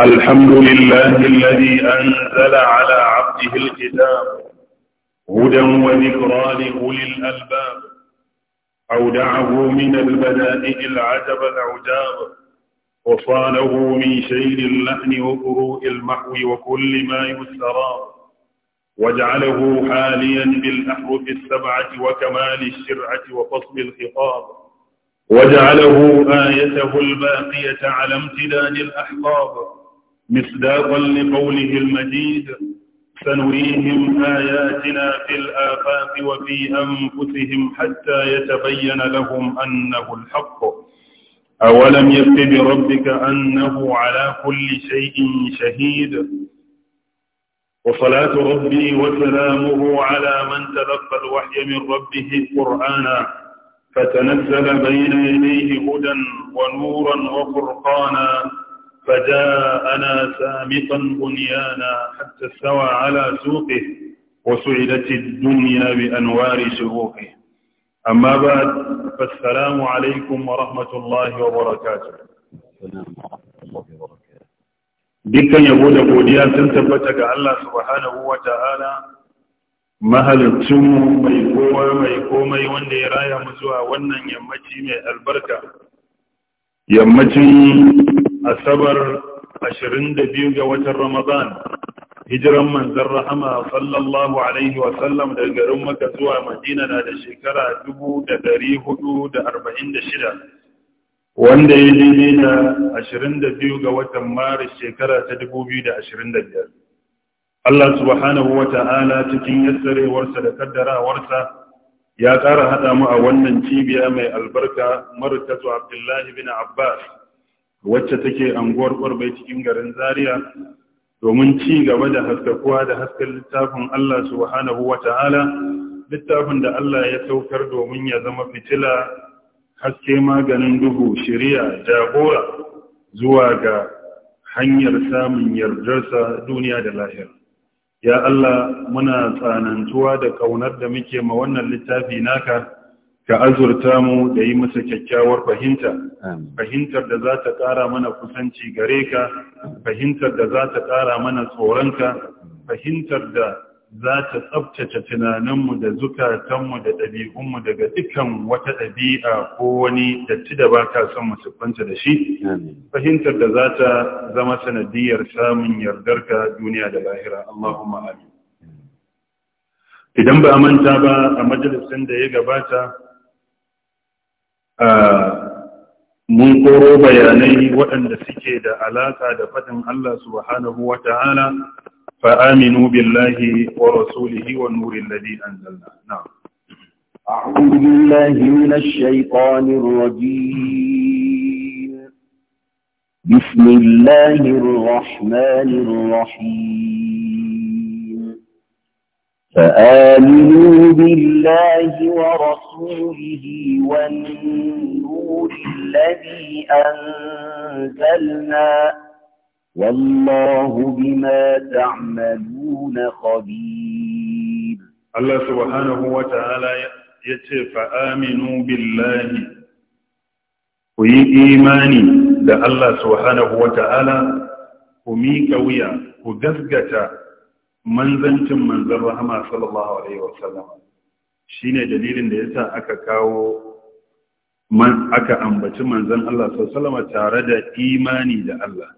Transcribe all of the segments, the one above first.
الحمد لله الذي أنزل على عبده الكتاب هدى وذكرى لأولي الألباب أودعه من البدائع العجب العجاب وصاله من شيل اللحن وقروء المحو وكل ما يسرى واجعله حاليا بالأحرف السبعة وكمال الشرعة وفصل الخطاب وجعله آيته الباقية على امتداد الأحقاب مصداقا لقوله المجيد سنريهم آياتنا في الآفاق وفي أنفسهم حتى يتبين لهم أنه الحق أولم يكتب ربك أنه على كل شيء شهيد وصلاة ربي وسلامه على من تلقى الوحي من ربه قرآنا فتنزل بين يديه هدى ونورا وفرقانا فجاءنا سامطا بنيانا حتى استوى على سوقه وسعدت الدنيا بأنوار شروقه أما بعد فالسلام عليكم ورحمة الله وبركاته السلام ورحمة الله وبركاته ديكا يقول أبو ديان تنتبتك الله سبحانه وتعالى ما هل تسمو ما يقوى ما يقوى ما يواني رايا مزوى وانا يمتي من البركة يمتي asabar 22 ga watan ramadan hijiran manzan rahama sallallahu alaihi wasallam daga garin maka zuwa madina na da shekara 446 wanda ya daidai da 22 ga watan maris shekara ta 2025 Allah subhanahu wa ta'ala cikin yassarewarsa da kaddarawarsa ya ƙara haɗa mu a wannan cibiya mai albarka martazu abdullahi bin abbas wacce take anguwar kwarbai cikin garin Zaria domin ci gaba da haskakuwa da hasken littafin Allah subhanahu wa ta'ala littafin da Allah ya saukar domin ya zama fitila haske maganin duhu shiriya jagora zuwa ga hanyar samun yardarsa duniya da lahira ya Allah muna tsanantuwa da kaunar da muke ma wannan littafi naka ka azurta mu da yi masa kyakkyawar fahimta fahimtar da za ta ƙara mana kusanci gare ka fahimtar da za ta ƙara mana tsoronka fahimtar da za ta tsabtace tunaninmu da zukatanmu da ɗabi'unmu daga dukkan wata ɗabi'a ko wani datti da ba ka son musuffanta da shi fahimtar da za ta zama sanadiyar samun yardarka duniya da lahira Allahumma amin idan ba a manta ba a majalisin da ya gabata mun koro bayanai waɗanda suke da alaƙa da faɗin Allah subhanahu wa ta'ala fa aminu billahi wa rasulihi wa nurin ladi anzalna zalla. Na. أعوذ بالله من الشيطان الرجيم بسم الله الرحمن الرحيم فآمنوا بالله ورسوله والنور الذي أنزلنا والله بما تعملون خبير الله سبحانه وتعالى يتي فآمنوا بالله وي إيماني لأ الله سبحانه وتعالى وميك ويا وقفقة manzancin manzan rahama sallallahu alaihi wa sallam shine dalilin da yasa aka kawo man aka ambaci manzan Allah sallallahu alaihi tare da imani da Allah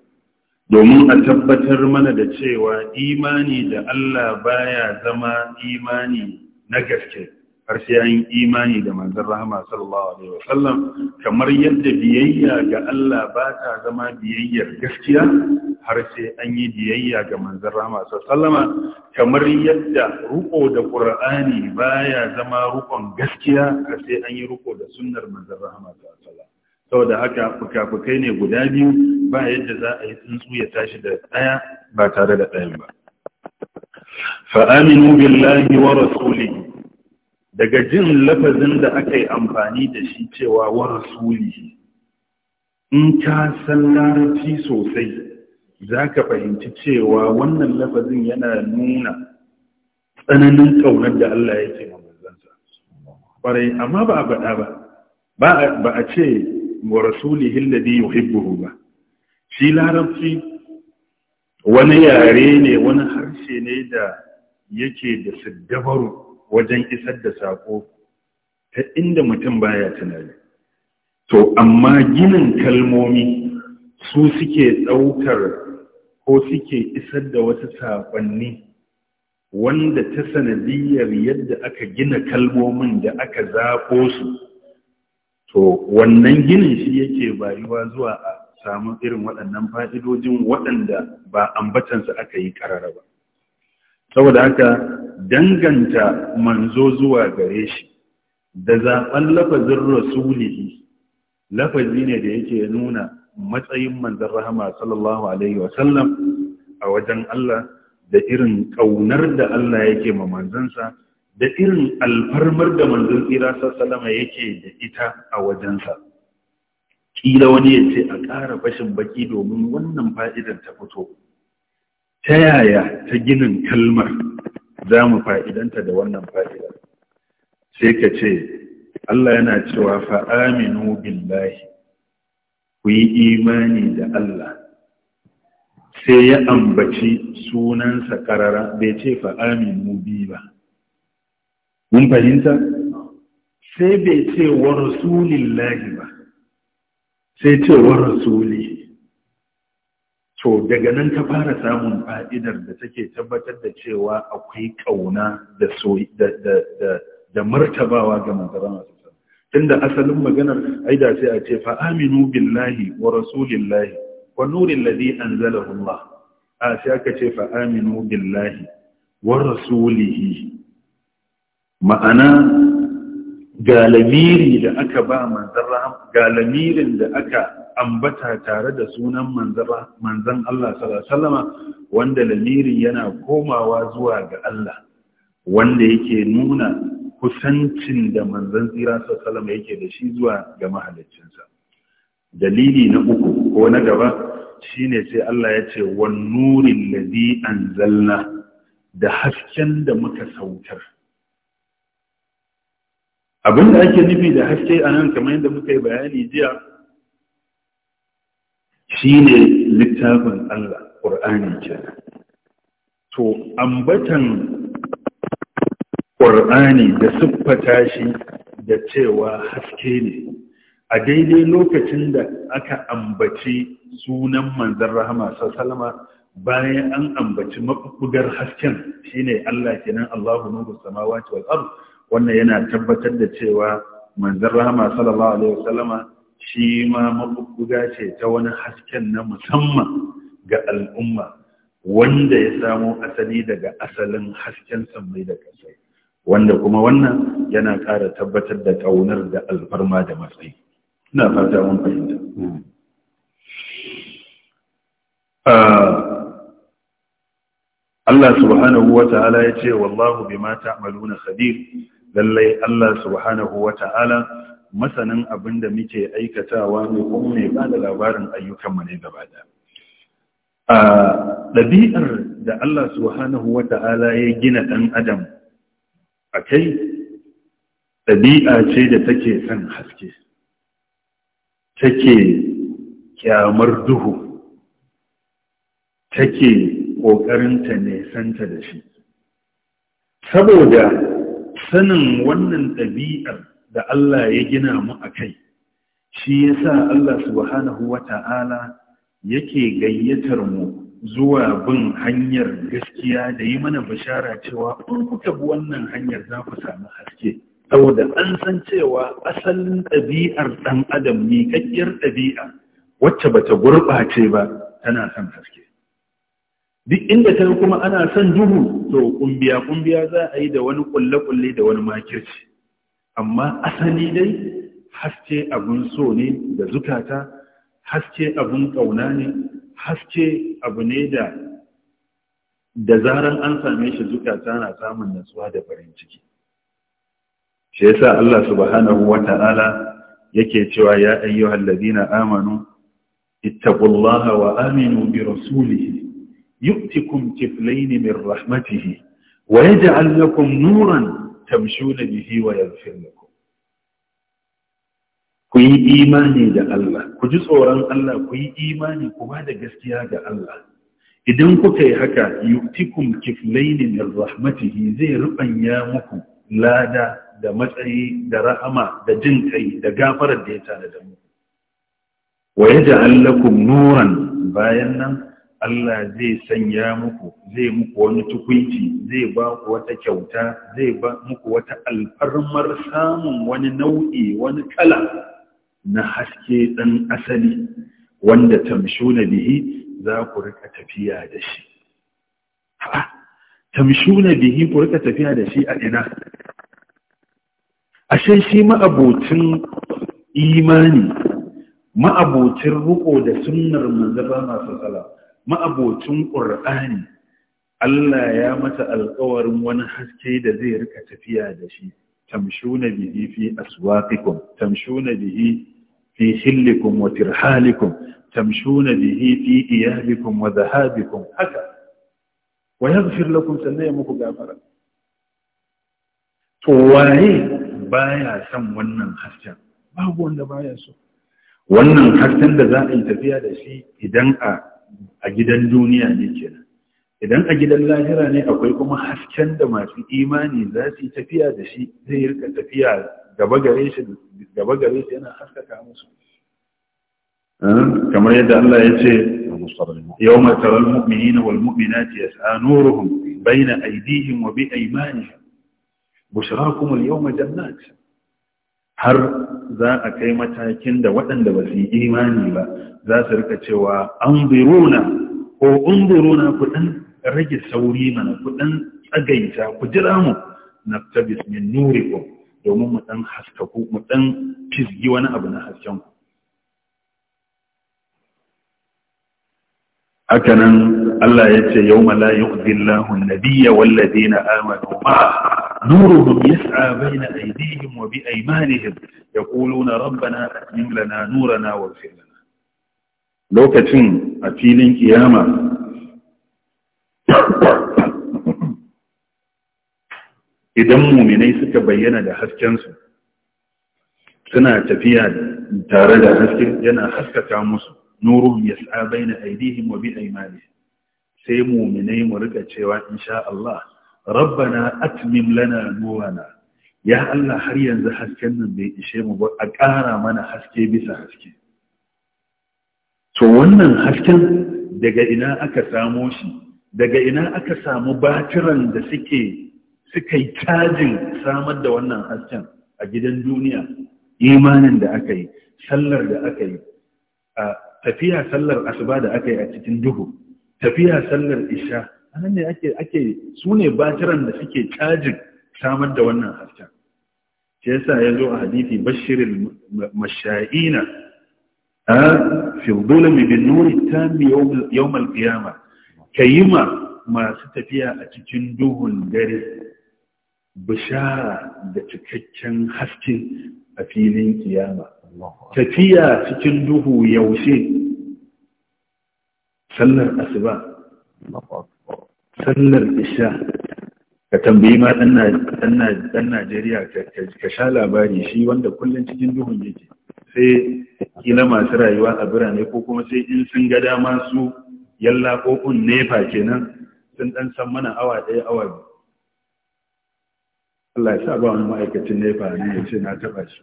domin a tabbatar mana da cewa imani da Allah baya zama imani na gaske har sai an yi imani da manzan rahama sallallahu alaihi wasallam kamar yadda biyayya ga Allah ba ta zama biyayyar gaskiya har sai an yi biyayya ga manzan rahama sallallahu alaihi kamar yadda ruko da Qur'ani baya zama rukon gaskiya har sai an yi ruko da sunnar manzon rahama sallallahu alaihi saboda haka fikafikai ne guda biyu ba yadda za a yi tsuntsu ya tashi da ɗaya ba tare da ɗayan ba fa'aminu billahi wa rasulihi daga jin lafazin da aka yi amfani da shi cewa wa rasuli in ka san larabci sosai za ka fahimci cewa wannan lafazin yana nuna tsananin ƙaunar da Allah yake mamazansa ƙwarai amma ba a faɗa ba ba a ce wa rasulihi alladhi yuhibbuhu ba shi larabci wani yare ne wani harshe ne da yake da siddabaru wajen isar da saƙo ta inda mutum baya tunani to amma ginin kalmomi su suke ɗaukar ko suke isar da wasu saƙonni wanda ta sanadiyar yadda aka gina kalmomin da aka zaɓo su to wannan ginin shi yake bayuwa zuwa a samun irin waɗannan fa'idojin waɗanda ba ambatansa aka yi ƙarara ba saboda haka danganta manzo zuwa gare shi da zaɓen lafazin rasulihi lafazi ne da yake nuna matsayin manzan rahama sallallahu alaihi wasallam a wajen Allah da irin ƙaunar da Allah yake ma manzansa da irin alfarmar da manzan tsira sallama yake da ita a wajensa ƙila wani ya ce a ƙara fashin baki domin wannan fa'idar ta fito ta yaya ta ginin kalmar za mu fa'idanta da wannan fa'ida sai ka ce Allah yana cewa fa'aminu billahi ku yi imani da Allah sai ya ambaci sunansa ƙarara bai ce fa'aminu bi ba mun fahimta sai bai ce wa rasulillahi ba sai ce wa rasuli to daga nan ka fara samun fa'idar da take tabbatar da cewa akwai ƙauna da da martabawa ga manzaran asusun tun da asalin maganar aida sai a ce fa'aminu billahi wa rasulillahi wa nurin ladi an zalahullah a sai aka ce fa'aminu billahi wa rasulihi ma'ana galamiri da aka ba manzaran galamirin da aka ambata tare da sunan manzan Allah sallama wanda lamirin yana komawa zuwa ga Allah wanda yake nuna kusancin da manzan tsira sallama yake da shi zuwa ga mahaliccinsa dalili na uku ko na gaba shine sai Allah ya ce wan nurin ladhi anzalna da hasken da muka sautar abinda ake nufi da haske anan kamar yadda muka yi bayani jiya Shi ne littafin Allah ƙur'ani kenan to ambatan ƙur'ani da siffata shi da cewa haske ne a daidai lokacin da aka ambaci sunan manzan rahama sassalama bayan an ambaci mabugar hasken shine Allah kenan Allahu nuru samawati wal ard wannan yana tabbatar da cewa manzan rahama sallallahu alaihi wasallama shi ma mabuga ce ta wani hasken na musamman ga al'umma wanda ya samo asali daga asalin hasken sammai da kasai wanda kuma wannan yana ƙara tabbatar da ƙaunar da alfarma da matsayi ina fata mun fahimta ah, Allah subhanahu wa ta'ala ya ce wallahu bima ta'maluna khabir lallai Allah subhanahu wa ta'ala masanin abin da muke aikatawa ne kuma mai ba da labarin ayyukanmu ne gaba da a ɗabi'ar da Allah subhanahu wa ta'ala ya gina ɗan adam a kai ɗabi'a ce da take son haske take kyamar duhu take ƙoƙarinta ta santa da shi saboda sanin wannan ɗabi'ar da Allah ya gina mu a kai shi ya sa Allah subhanahu wa ta'ala yake gayyatar mu zuwa bin hanyar gaskiya da yi mana bishara cewa in kuka bi wannan hanyar za ku sami haske saboda an san cewa asalin ɗabi'ar ɗan adam ne kakkiyar ɗabi'a wacce bata gurɓace ba tana son haske duk inda ta kuma ana son duhu to kumbiya kumbiya za a yi da wani kulle-kulle da wani makirci amma asali dai haske abun so ne da zukata haske abun ƙauna ne haske abu ne da da zaran an same shi zukata na samun natsuwa da farin ciki shi yasa Allah subhanahu wata'ala yake cewa ya ayyuhal ladina amanu ittaqullaha wa aminu bi rasulihi yu'tikum kiflaini min rahmatihi wa yaj'al lakum nuran tamshuna bihi wa yaghfir lakum ku yi imani da Allah ku ji tsoron Allah ku yi imani ba da gaskiya ga Allah idan kuka yi haka yuktikum kiflaini min rahmatihi zai rubanya muku lada da matsayi da rahama da jin kai da gafarar da ya tare da mu wa yaj'al lakum nuran bayan nan Allah zai sanya muku zai muku wani tukunci zai ba ku wata kyauta zai ba muku wata alfarmar samun wani nau'i wani kala na haske ɗan asali wanda na bihi za ku rika tafiya da shi na bihi ku rika tafiya da shi a ina ashe shi ma'abocin imani ma'abocin ruko da sunnar manzaba masu salama ma'abocin ƙur'ani Allah ya mata alƙawarin wani haske da zai rika tafiya da shi tamshuna bihi fi aswaqikum tamshuna bihi fi hillikum wa tirhalikum tamshuna bihi fi iyalikum wa dhahabikum haka wa yaghfir lakum ya muku gafara to waye baya son wannan hasken babu wanda baya so wannan hasken da za a yi tafiya da shi idan a a gidan duniya ne ke idan a gidan lahira ne akwai kuma hasken da masu imani za su yi tafiya da shi zai yi tafiya gaba gare shi yana haskaka musu ah, kamar yadda Allah ya ce na taral mu'minina wal mu'minati nuruhun bai na aidihin wa bi aymanihim bushrakum yau yawma jannat har za a kai matakin da waɗanda ba su yi imani ba za su rika cewa an biruna ko kuɗin rage sauri mana kuɗin tsagaita ku jira mu na tabis min nurikum domin mu ɗan haskaku mu ɗan fizgi wani abu na hasken ku haka nan Allah ya ce yau mala yu'dillahu an-nabiyya wal na amanu ma. نورهم يسعى بين أيديهم وبأيمانهم يقولون ربنا أتمم لنا نورنا واغفر لنا لو كتن أتيلين قياما idan muminai suka bayyana da haskensu suna tafiya tare da haske yana haskaka musu nurun yas'a baina aidihim wa bi aymanihim sai muminai mu rika cewa insha Allah rabbana atmim lana nurana ya Allah har yanzu hasken nan bai ishe mu ba a ƙara mana haske bisa haske to wannan hasken daga ina aka samo shi daga ina aka samu batiran da suke suka yi cajin samar da wannan hasken a gidan duniya imanin da aka yi sallar da aka yi a tafiya sallar asuba da aka yi a cikin duhu tafiya sallar isha a nan ne ake ake su ne batiran da suke cajin samar da wannan hasken Ke yasa ya zo a hadithi bashirin masha'ina a firdulami bin nuri ta mi yawmal kiyama ka yi ma masu tafiya a cikin duhun dare bishara da cikakken haske a filin kiyama tafiya cikin duhu yaushe sallar asuba sallar isha ka tambayi ma ɗan Najeriya ka sha labari shi wanda kullum cikin duhun yake sai kila masu rayuwa a birane ko kuma sai in sun ga dama su yalla kun nefa kenan sun ɗan san mana awa ɗaya awa biyu Allah ya sa ba wani ma'aikacin nefa ne ya ce na taɓa shi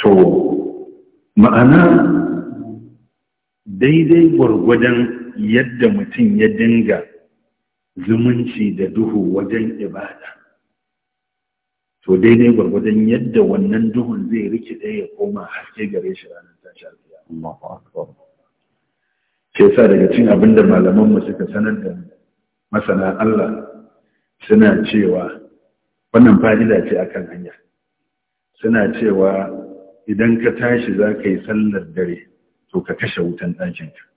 to ma'ana daidai gwargwadon yadda mutum ya dinga zumunci da duhu wajen ibada to daidai gwargwadon yadda wannan duhun zai ɗaya ya koma haske gare shi ranar tashi alfiya ke sa daga cin abin da malamanmu suka sanar da masana Allah suna cewa wannan fa'ida ce akan hanya suna cewa idan ka tashi za ka yi sallar dare to ka kashe wutan ɗakinka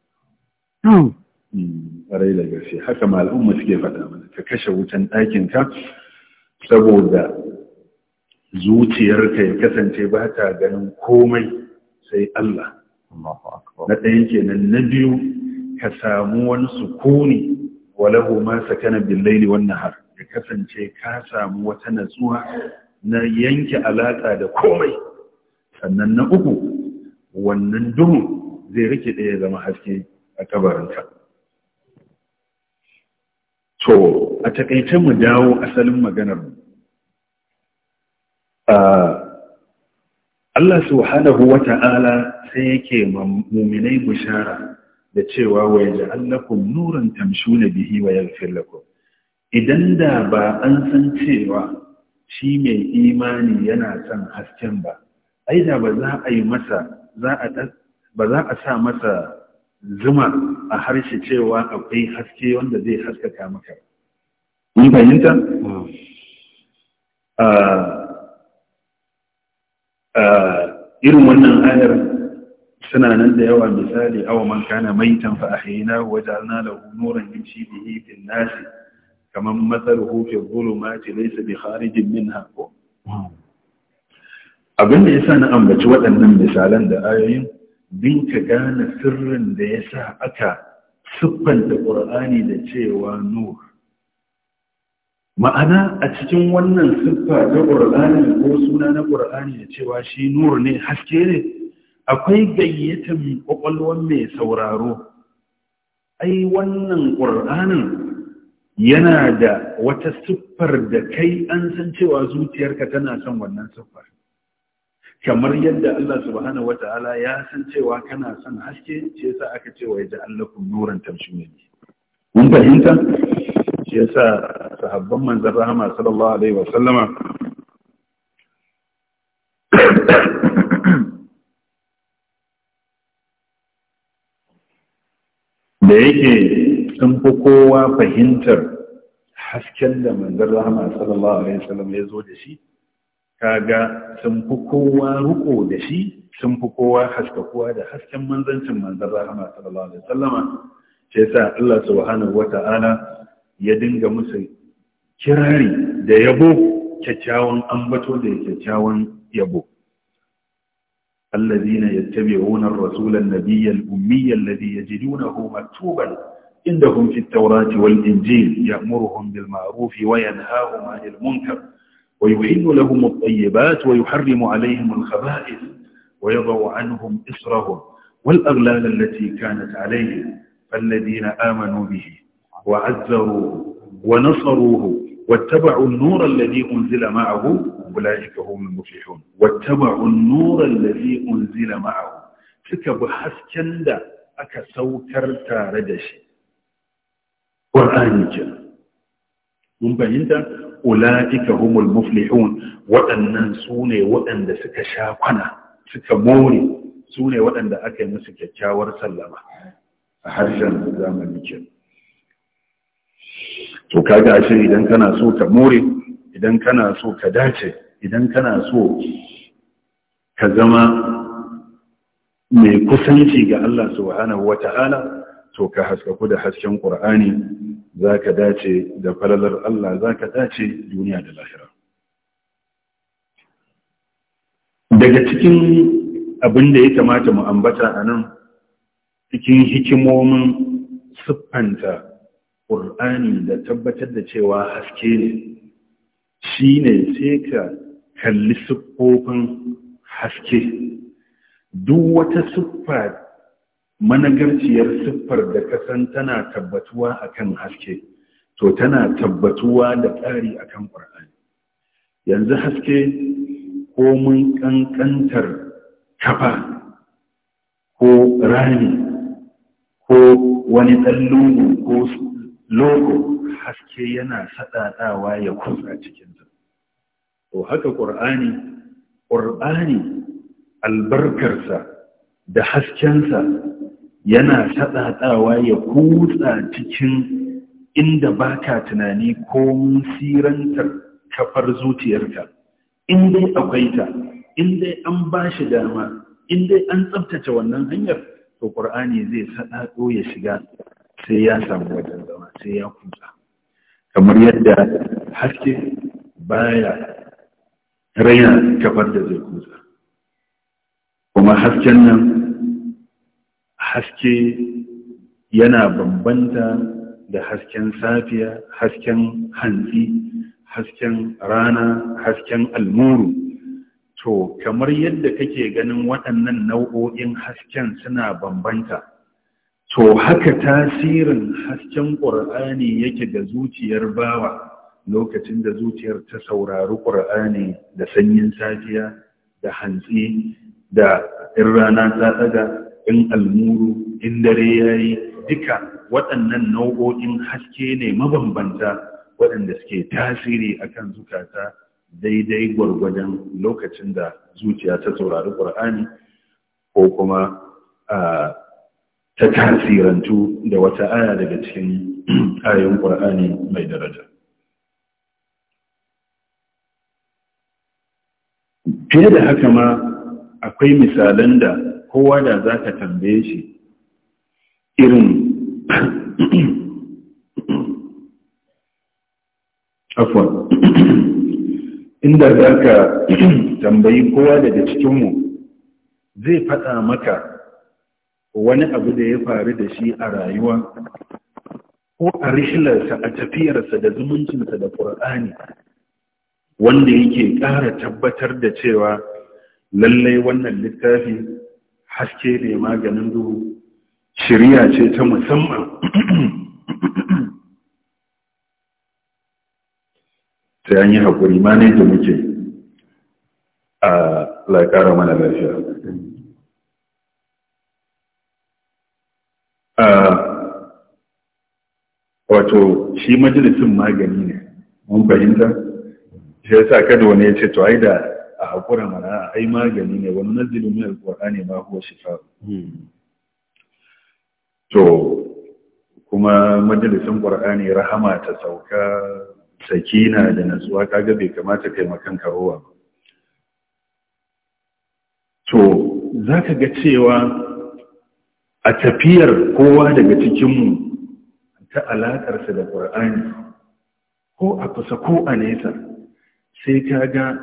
Hmm. Hmm, ƙwarai da gaske haka al'umma suke faɗa mana ka kashe wutan ɗakinka saboda zuciyarka ya kasance ba ta ganin komai sai Allah na ɗaya kenan na biyu ka samu wani sukuni walahu ma sakana billaili wannan har ya kasance ka samu wata natsuwa na yanke alaƙa da komai sannan na uku wannan duhu zai rike ɗaya zama haske a kabarinsa to a takaice mu dawo asalin maganar mu Allah subhanahu wa ta'ala sai yake muminai bishara da cewa waya yaj'al lakum nuran tamshuna bihi wa yaghfir lakum idan da ba an san cewa shi mai imani yana son hasken ba ai da ba za a yi masa za ba za a sa masa zuma a harshe cewa akwai haske wanda zai haskaka maka mun fahimta hmm. ah, ah, irin wannan ayar suna nan da yawa misali awa man kana maitan fa ahyayna wa ja'alna lahu da yamshi bihi kamar matsar kaman mathaluhu fi dhulumati laisa bi min haƙo. Hmm. abin da ya sa na ambaci waɗannan misalan da ayoyin binka gane sirrin da ya sa aka siffanta ƙur'ani da cewa nur ma'ana a cikin wannan siffa ta ƙur'ani ko suna na ƙur'ani da cewa shi nur ne haske ne akwai gayyata ƙwaƙwalwar mai sauraro ai wannan ƙur'anin yana da wata siffar da kai an san cewa zuciyarka tana son wannan siffar kamar yadda Allah subhanahu wata'ala ya san cewa kana son haske shi yasa aka ce wa yadda allakum nuran tamshuna bi mun fahimta shi yasa sahabban manzon rahama sallallahu alaihi wa sallama da yake sun fi kowa fahimtar hasken da manzon rahama sallallahu alaihi wa sallam ya zo da shi kaga sun fi kowa ruko da shi sun fi kowa haskakuwa da hasken manzancin manzan rahama sallallahu alaihi wasallama sai yasa Allah subhanahu wata'ala ya dinga musu kirari da yabo kyakkyawan ambato da kyakkyawan yabo allazina yattabi'una ar-rasula an-nabiyya al-ummiy alladhi yajiduhu inda indahum fit-taurati wal-injil ya'muruhum bil ma'ruf wa yanhahum 'anil munkar ويحل لهم الطيبات ويحرم عليهم الخبائث ويضع عنهم إسرهم والأغلال التي كانت عليهم فالذين آمنوا به وعزروه ونصروه واتبعوا النور الذي أنزل معه أولئك هم المفلحون واتبعوا النور الذي أنزل معه تكب حسكن دا أكا سوكر تاردش قرآن جاء من بينتا ula'ika humul muflihun waɗannan su ne waɗanda suka sha kwana suka more su ne waɗanda aka yi musu kyakkyawar sallama a harshen zamani ke to kaga ashe idan kana so ka more idan kana so ka dace idan kana so ka zama mai kusanci ga Allah subhanahu wata'ala to ka haskaku da hasken ƙur'ani za ka dace da falalar Allah za ka dace duniya da lahira daga cikin abin da ya kamata mu ambata a nan cikin hikimomin siffanta ƙur'ani da tabbatar da cewa haske ne shine ne sai ka kalli siffofin haske duk wata siffa managarciyar siffar da ka san tana tabbatuwa a kan haske to tana tabbatuwa da ƙari kan ƙur'ani. yanzu haske ko mun ƙanƙantar kafa ko rani ko wani ɗallonu ko logo haske yana saɗaɗawa ya kusa cikinsa to haka ƙwar'ani ƙwar'ani albarkarsa da haskensa yana shaɗaɗawa ya kutsa cikin inda baka tunani ko sirantar kafar zuciyarka in dai akwai ta in dai an ba shi dama in dai an tsabtace wannan hanyar to ƙur'ani zai saɗaɗo ya shiga sai ya samu wajen zama sai ya kutsa kamar yadda haske baya raina kafar da zai kutsa kuma hasken nan haske yana bambanta da hasken safiya hasken hantsi hasken rana hasken almuru to kamar yadda kake ganin waɗannan nau'o'in hasken suna bambanta to haka tasirin hasken ƙur'ani yake ga zuciyar bawa lokacin da zuciyar ta saurari ƙur'ani da sanyin safiya da hantsi da in rana ta tsaga in almuru in dare ya yi duka waɗannan nau'o'in haske ne mabambanta waɗanda suke tasiri akan zukata daidai gwargwadon lokacin da zuciya ta saurari ƙur'ani ko kuma ta tasirantu da wata aya daga cikin ayoyin ƙur'ani mai daraja fiye da haka ma akwai misalan da kowa da za ka tambaye shi irin afon inda za ka tambayi kowa daga cikinmu zai faɗa maka wani abu da ya faru da shi a rayuwa ko a rishilarsa a tafiyarsa da zumuncinsa da ƙur'ani wanda yake ƙara tabbatar da cewa lallai wannan littafi haske ne maganin duhu shirya ce ta musamman Ta yanyi haƙuri ma ne da muke a laƙara mana lafiya a wato shi majalisun magani ne mun fahimta shi ya sa kada wani ya ce to ai da haƙura mana ai magani ne wani nazilu min alƙur'ani ma huwa shifa hmm. to kuma majalisin ƙur'ani rahama ta sauka sakina da natsuwa kaga bai kamata kai makan karowa To to zaka ga cewa a tafiyar kowa daga cikinmu ta alaƙarsa da ƙur'ani ko a kusa ko a nesa sai ka ga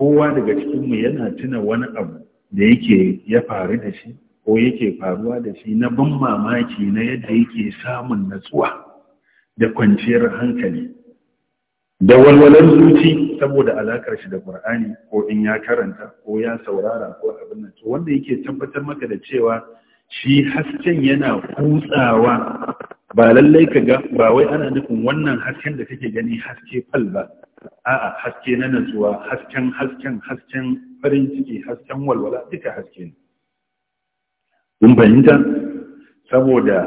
kowa daga cikinmu yana tuna wani abu da yake ya faru da shi ko yake faruwa da shi na ban mamaki na yadda yake samun natsuwa da kwanciyar hankali da walwalar zuci saboda alakar shi da Ƙur'ani ko in ya karanta ko ya saurara ko abin nan to wanda yake tabbatar maka da cewa shi hasken yana kutsawa ba lallai ka ga ba wai ana nufin wannan hasken da kake gani haske fal ba a'a haske na natsuwa hasken hasken hasken farin ciki hasken walwala duka haske ne kun fahimta saboda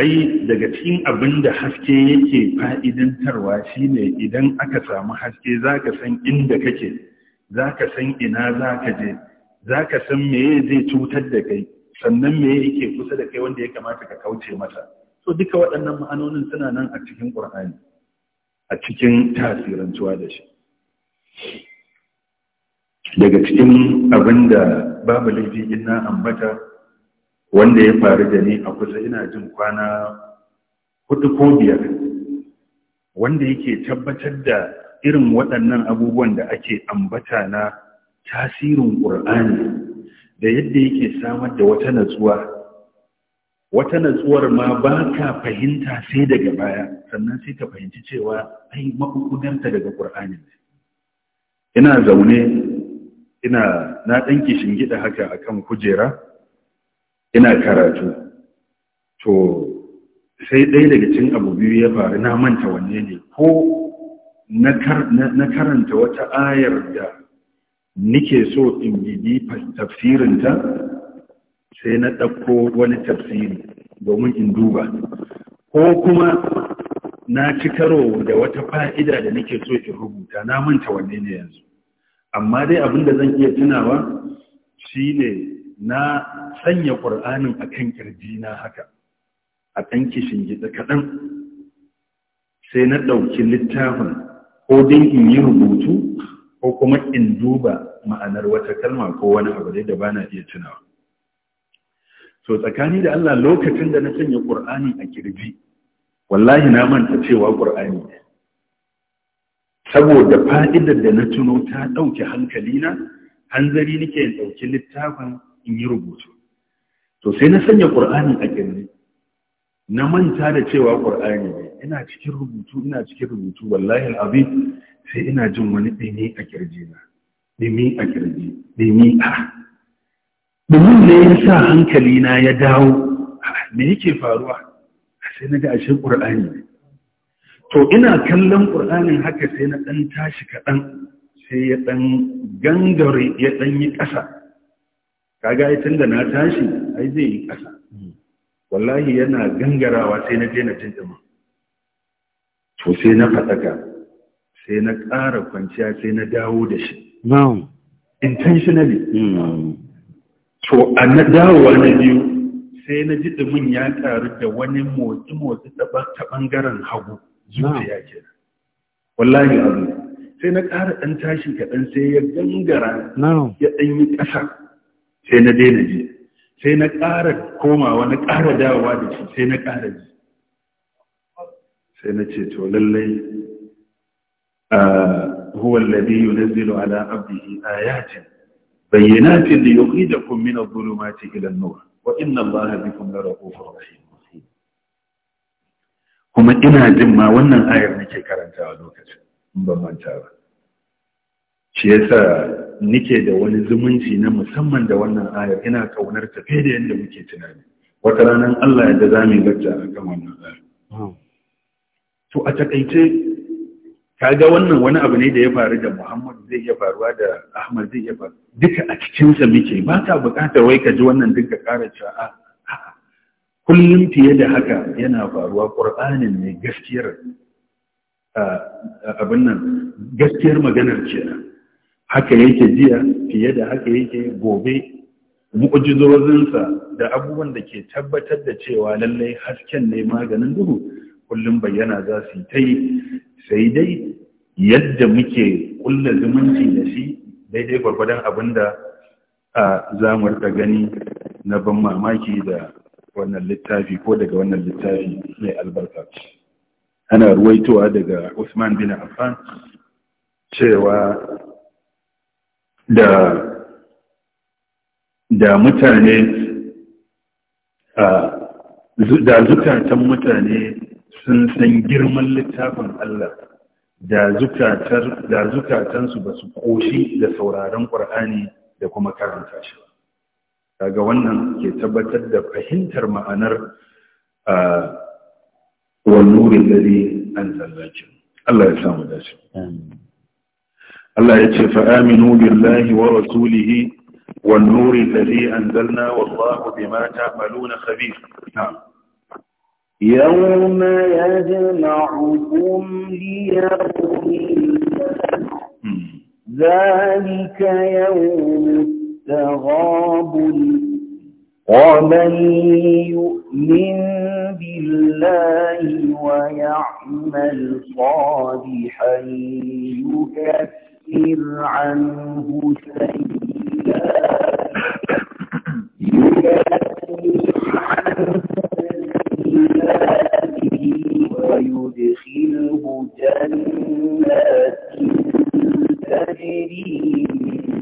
ai daga cikin abin da haske yake fa'idantarwa shine idan aka samu haske zaka san inda kake zaka san ina zaka je zaka san meye zai cutar da kai sannan me yake kusa da kai wanda ya kamata ka kauce masa to duka waɗannan ma'anonin suna nan a cikin ƙur'ani a cikin tasirantuwa da shi daga cikin abin da babu laifi ina ambata wanda ya faru da ni a kusa ina jin kwana hudu ko biyar wanda yake tabbatar da irin waɗannan abubuwan da ake ambata na tasirin ƙur'ani da yadda yake samar da wata natsuwa wata natsuwar ma ba ka fahimta sai daga baya sannan sai ka fahimci cewa ai makukudarta daga ƙur'anin ina zaune ina na ɗan gida haka akan kujera ina karatu to sai ɗaya daga cikin abu biyu ya faru na manta wanne ne ko na karanta wata ayar da nike so in bibi tafsirinta sai na ɗauko wani tafsiri domin in duba ko kuma na ci karo da wata fa'ida da nake so in rubuta na manta wanne ne yanzu amma dai abin da zan iya tunawa shi ne na sanya ƙur'anin a kan na haka a ɗan kishin gida kaɗan sai na ɗauki littafin ko din in yi rubutu ko kuma in duba ma'anar wata kalma ko wani abu dai da ba na iya tunawa To tsakani da Allah lokacin da na sanya Qur'ani a kirji wallahi na manta cewa Qur'ani saboda fa'idar da na tuno ta dauke na, hanzari nake in dauki littafin in yi rubutu to sai na sanya Qur'ani a kirji na manta da cewa Qur'ani ne ina cikin rubutu ina cikin rubutu wallahi abin sai ina jin wani dimi a kirjina dimi a kirji dimi a domin ne ya sa hankali na ya dawo me yake faruwa sai na ga ashe ƙur'ani to ina kallon ƙur'anin haka sai na ɗan tashi kaɗan sai ya ɗan gangare ya ɗan yi ƙasa kaga ya tun da na tashi ai zai yi ƙasa wallahi yana gangarawa sai na daina jin ɗima to sai na faɗaka sai na ƙara kwanciya sai na dawo da shi intentionally hmm. to a na dawowa na biyu sai na ji dumin ya karu da wani motsi-motsi ta bangaren hagu zuciya ke wallahi abu sai na ƙara ɗan tashi kaɗan sai ya gangara ya ɗan yi ƙasa sai na daina ji sai na ƙara komawa na ƙara dawowa da shi sai na ƙara ji sai na ce to lallai ah, huwa alladhi yunzilu ala abdihi ayatin بينات ليخرجكم من الظلمات إلى النور وإن الله بكم لرؤوف رحيم kuma ina jin ma wannan ayar nake a lokacin in ban manta ba shi yasa nike da wani zumunci na musamman da wannan ayar ina kaunar ta fiye da yadda muke tunani wata ranar Allah yadda za mu yi a kan wannan ayar hmm. to a takaice kaga wannan wani abu ne da ya faru da Muhammad zai iya faruwa da Ahmad zai iya faru duka a cikin sa muke ba ta buƙatar wai ka ji wannan duka ƙara cewa ah, ah, ah. kullum fiye da haka yana faruwa ƙur'anin ne gaskiyar abin nan gaskiyar maganar ce haka yake jiya fiye da haka yake gobe mu'ujizozinsa da abubuwan da ke tabbatar da cewa lallai hasken ne maganin duhu kullum bayyana za su ta yi sai dai yadda muke kulla zumunci da shi daidai gwargwadon abin da a mu rika gani na ban mamaki da wannan littafi ko daga wannan littafi mai albarka ana ruwaitowa daga Usman bin Affan cewa da da mutane da zukatan mutane sun san girman littafin Allah da zukatansu ba su ƙoshi da sauraron ƙwar'ani da kuma karanta shi daga wannan ke tabbatar da fahimtar ma'anar wannurin dare an zallakin Allah ya samu dace Allah ya ce fa'aminu billahi wa rasulihi wannurin dare an zalna wallahu bi mata maluna khabir يوم يجمعكم ليوم ذلك يوم التغاب ومن يؤمن بالله ويعمل صالحا يكفر عنه سيئات يكفر عنه ويدخله جنات تجري من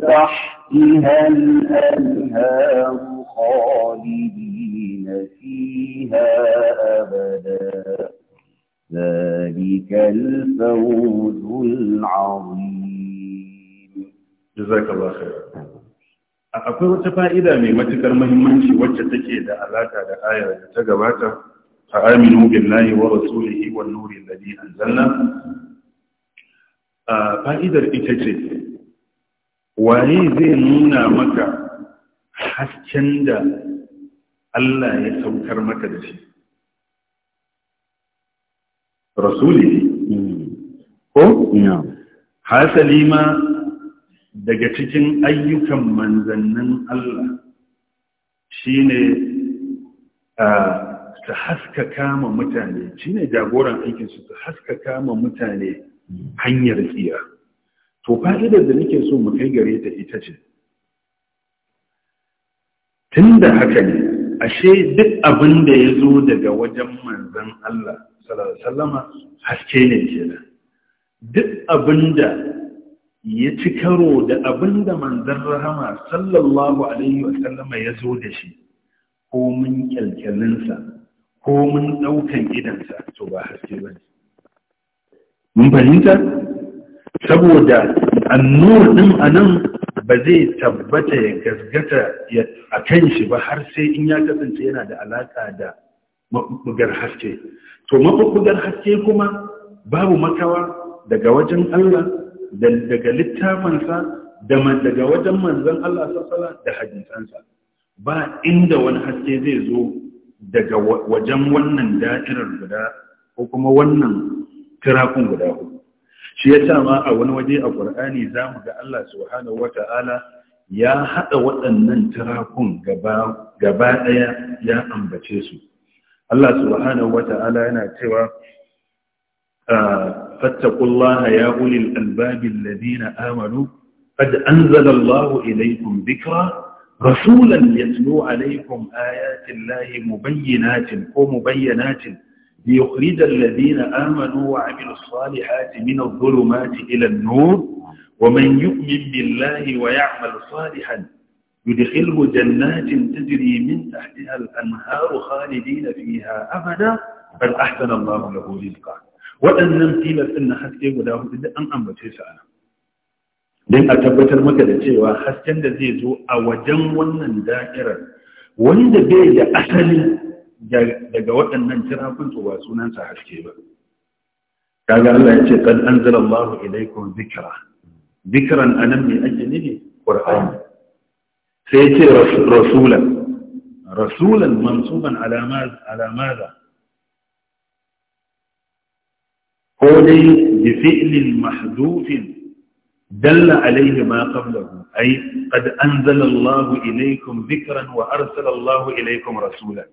تحتها الأنهار خالدين فيها أبدا ذلك الفوز العظيم jazakallahu khairan akwai wata fa'ida mai matukar muhimmanci wacce take da alaka da ayar da ta gabata fa aminu billahi wa rasulihi wan nuri alladhi anzalna fa'idar ita ce waye zai nuna maka hasken da Allah ya saukar maka da shi rasulihi hmm. ko hasali ma daga cikin ayyukan manzannin Allah ne su haskaka ma mutane shine jagoran aikinsu su haska kama mutane hanyar tsira to fa'idar da nake so mu kai gare ta ita ce Tun da haka ne ashe duk abin da ya zo daga wajen manzan Allah Salama, haske ne kenan duk abin da ya ci karo da abin da manzan rahama sallallahu alaihi wasallama ya zo da shi ko mun kyalkyalinsa ko mun ɗaukan idansa to ba haske ba ne mun fahimta saboda annur ɗin a nan ba zai tabbata ya gasgata a kan shi ba har sai in ya kasance yana da alaƙa da maɓuɓɓugar haske to maɓuɓɓugar haske kuma babu makawa daga wajen allah daga littafinsa da daga wajen manzon Allah sassala da hadisansa ba inda wani haske zai zo daga wajen wannan da'irar guda ko kuma wannan tirakun guda hudu shi ya sa ma a wani waje a ƙur'ani za mu ga Allah subhanahu ta'ala ya haɗa waɗannan tirakun gaba ɗaya ya ambace su Allah subhanahu ta'ala yana cewa ah, فاتقوا الله يا أولي الألباب الذين آمنوا قد أنزل الله إليكم ذكرا رسولا يتلو عليكم آيات الله مبينات ومبينات ليخرج الذين آمنوا وعملوا الصالحات من الظلمات إلى النور ومن يؤمن بالله ويعمل صالحا يدخله جنات تجري من تحتها الأنهار خالدين فيها أبدا بل أحسن الله له رزقا waɗannan filar ɗin na haske guda hudu duk an ambace su ana don a tabbatar maka da cewa hasken da zai zo a wajen wannan da'irar wanda bai da asali daga waɗannan tirakun to ba sunansa haske ba kaga Allah ya ce qad anzala Allahu ilaykum dhikra anan me ake nufi qur'ani sai ya ce rasulan rasulan mansuban ala maza ko dai bi fi'lin mahdufin dalla alaihi ma qablahu ay qad anzala Allah ilaykum dhikran wa arsala Allah ilaykum rasulan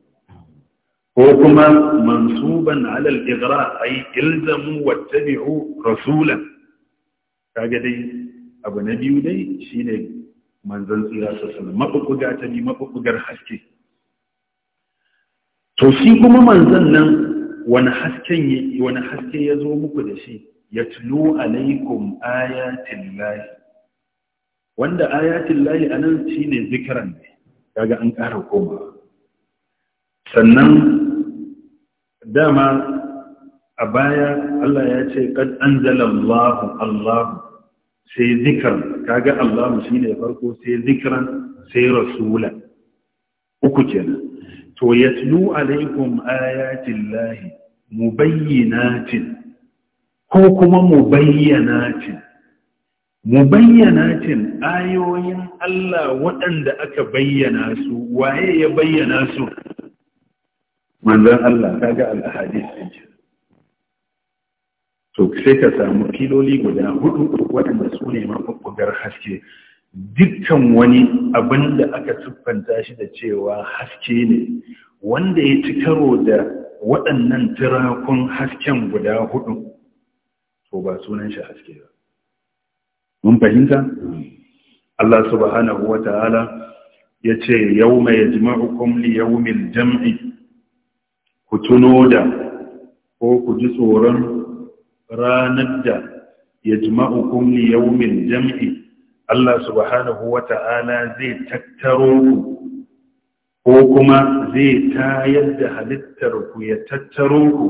ko kuma mansuban ala al-igra ay ilzamu wattabi'u rasulan kaga dai abu na biyu dai shine manzon tsira sassan maɓuɓɓuga ta bi maɓuɓɓugar haske to shi kuma manzon nan wani hasken wani haske ya zo muku da shi yatlu alaikum ayatin lahi wanda ayatin lahi anan shine zikiran ne kaga an ƙara koma sannan dama a baya Allah ya ce kad anzala Allahu Allahu sai zikran kaga Allahu shine farko sai zikran sai rasula uku kenan to yatlu alaikum ayati llahi mubayyanatin ko kuma mubayyanatin mubayyanatin ayoyin Allah waɗanda aka bayyana su waye ya bayyana su manzon Allah kaga al-ahadith to sai ka samu filoli guda hudu waɗanda su ne mafafugar haske dukkan wani abin da aka siffanta shi da cewa haske ne wanda ya ci karo da waɗannan tirakun hasken guda hudu to ba sunan shi haske ba mun fahimta Allah subhanahu wa ya ce yau mai jima'ukum li yawmin jam'i ku tuno da ko ku ji tsoron ranar da ya jima'ukum li yawmin jam'i Allah subhanahu wa ta'ala zai tattaro ku ko kuma zai tayar da halittar ku ya tattaro ku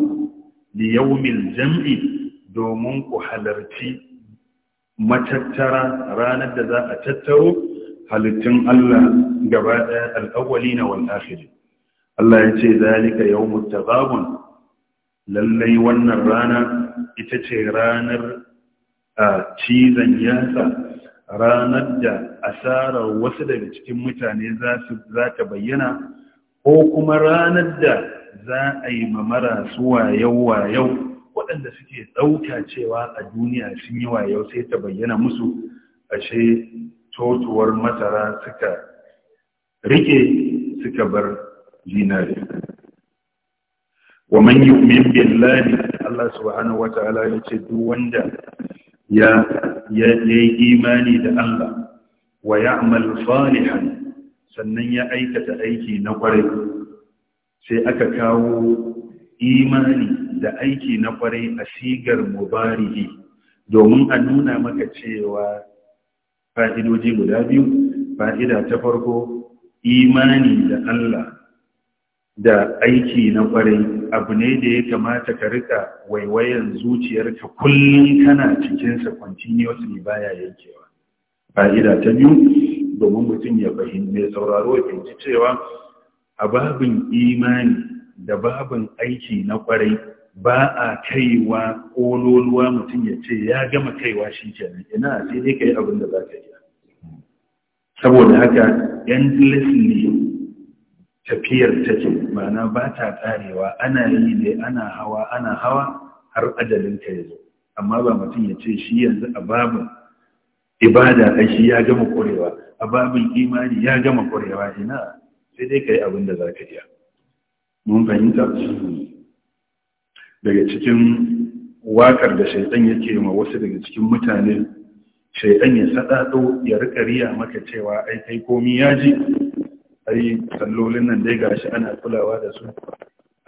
da yawmil jam'i domin ku halarci matattara ranar da za a tattaro halittun Allah gaba ɗaya al'awwalina na akhiri Allah ya ce zalika yawmut taghabun lallai wannan rana ita ce ranar a cizon yasa ranar da asarar wasu daga cikin mutane za ta bayyana ko kuma ranar da za a yi mamara su wayau-wayau waɗanda suke ɗauka cewa a duniya sun yi wayau sai ta bayyana musu ashe totuwar masara suka rike suka bar zinari wa man yu'min billahi Allah subhanahu wata'ala yace duk wanda ya yi imani da Allah wa ya'mal salihan sannan ya aikata aiki na kwarai sai aka kawo imani da aiki na kwarai a sigar Mubariki domin a nuna maka cewa fa'idoji guda biyu fa'ida ta farko imani da Allah da aiki na kwarai abu ne da ya kamata ka rika waiwayan zuciyarka kullum kana cikinsa ne baya yankewa fa'ida ta biyu domin mutum ya fahimci sauraro ya fahimci cewa a babin imani da babin aiki na kwarai ba a kaiwa ƙololuwa mutum ya ce ya gama kaiwa shi kenan ina sai dai kai abin da za ka yi saboda haka endlessly tafiyar take ma'ana ba ta karewa ana yi ne ana hawa ana hawa har adalin ta zo. amma ba mutum ya ce shi yanzu a babin ibada a shi ya gama ƙwarewa a babin imani ya gama ƙwarewa ina sai dai ka yi abin da za ka iya mun fahimta daga cikin wakar da shaitan yake ma wasu daga cikin mutane shaitan ya saɗaɗo ya riƙa riya maka cewa ai kai komi ya ji ai sallolin nan dai gashi ana kulawa da su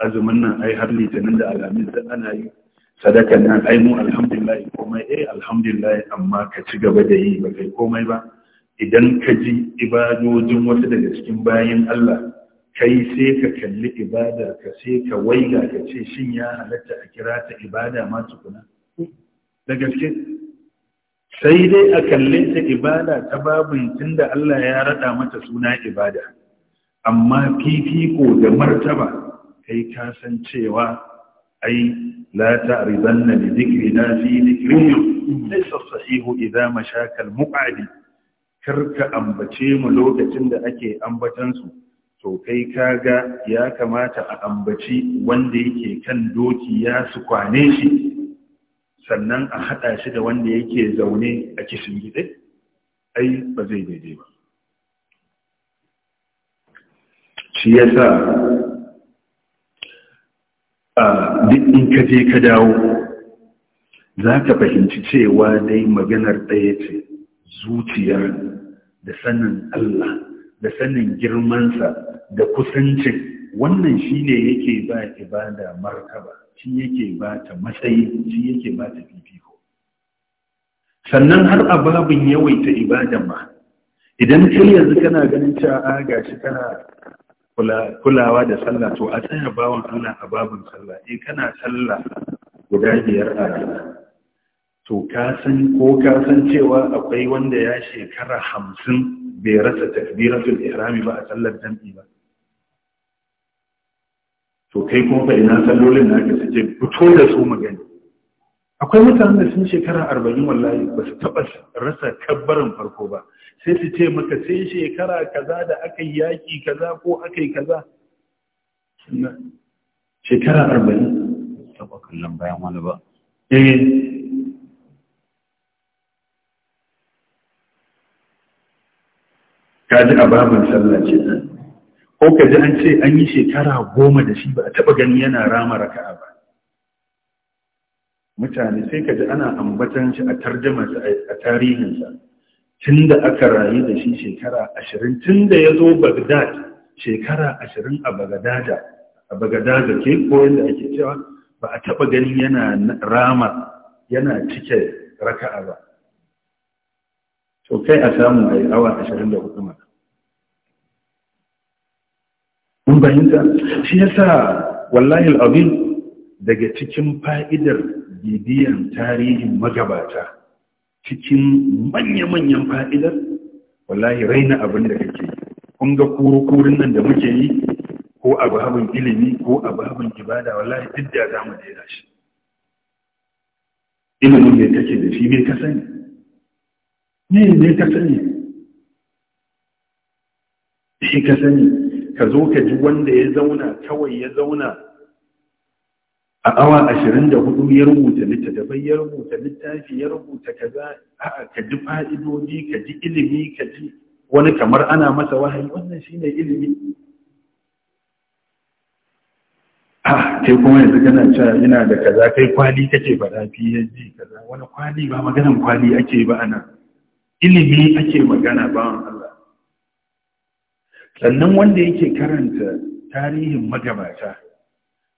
azumin nan ai har litinin da alamin da ana yi sadakan nan ai mu alhamdulillah komai eh alhamdulillah amma ka ci gaba da yi ba kai komai ba idan ka ji ibadojin wasu daga cikin bayan Allah kai sai ka kalli ibada ka sai ka waiga ka ce shin ya halatta a kira ta ibada ma tukuna da gaske sai dai a kalle ta ibada ta babin tunda Allah ya rada mata suna ibada amma fifiko da martaba kai ka san cewa ai la ta'ribanna bi dhikrina fi dhikrihim laysa sahihu idha mashakal muqadi karka ambace mu lokacin da ake ambatan su to kai kaga ya kamata a ambaci wanda yake kan doki ya su kwane shi sannan a hada shi da wanda yake zaune a kishin gida? ai ba zai daidai ba shi ya sa a duk in ka je ka dawo za ka fahimci cewa dai maganar ɗaya ce zuciyar da sanin Allah da sanin girmansa da kusancin wannan shi ne yake ba ibada markaba shi yake ba ta matsayi shi yake ba ta fifiko sannan har a babin yawaita ibada ma idan kai yanzu kana ganin cewa a gashi kana kulawa da sallah to a tsaya bawan Allah a babin sallah in kana sallah guda biyar a rana to ka ko ka san cewa akwai wanda ya shekara hamsin bai rasa takbiratul ihrami ba a sallar jam'i ba to kai kuma fa ina sallolin naka suke fito da su magani akwai mutanen da sun shekara arba'in wallahi ba su taɓa rasa kabbarin farko ba sai su ce maka sai shekara kaza da aka yi yaƙi kaza ko aka yi kaza shekara arba'in taɓa kallon bayan wani ba eh. kaji a babin sallah ce ko kaji an ce an yi shekara goma da shi ba a taɓa gani yana rama raka'a ba mutane sai ka ji ana ambatan shi a tarjama a tarihinsa tun da aka rayu da shi shekara ashirin tun da ya zo bagdad shekara ashirin a bagdada a bagdada ke ko yadda ake cewa ba a taɓa ganin yana rama yana cike raka'a ba to kai a samu a yi awa ashirin da hudu mana kun bayanta shi yasa wallahi al'azim daga cikin fa'idar bibiyan tarihin magabata cikin manya-manyan fa'idar wallahi raina abin da kake kun ga kurukurin nan da muke yi ko a babin ilimi ko a babin ibada wallahi duk da za mu daina shi ilimin ne kake da shi ne ka sani ne ne ka sani shi ka sani ka zo ka ji wanda ya zauna kawai ya zauna a awa ashirin da hudu ya rubuta littattafai ya rubuta littafi ya rubuta kaza ka ji fa'idodi ka ji ilimi ka ji wani kamar ana masa wahayi wannan shi ne ilimi ah kai kuma yanzu kana cewa ina da kaza kai kwali kake faɗa PhD kaza wani kwali ba maganan kwali ake ba ana ilimi ake magana ba Allah sannan wanda yake karanta tarihin magabata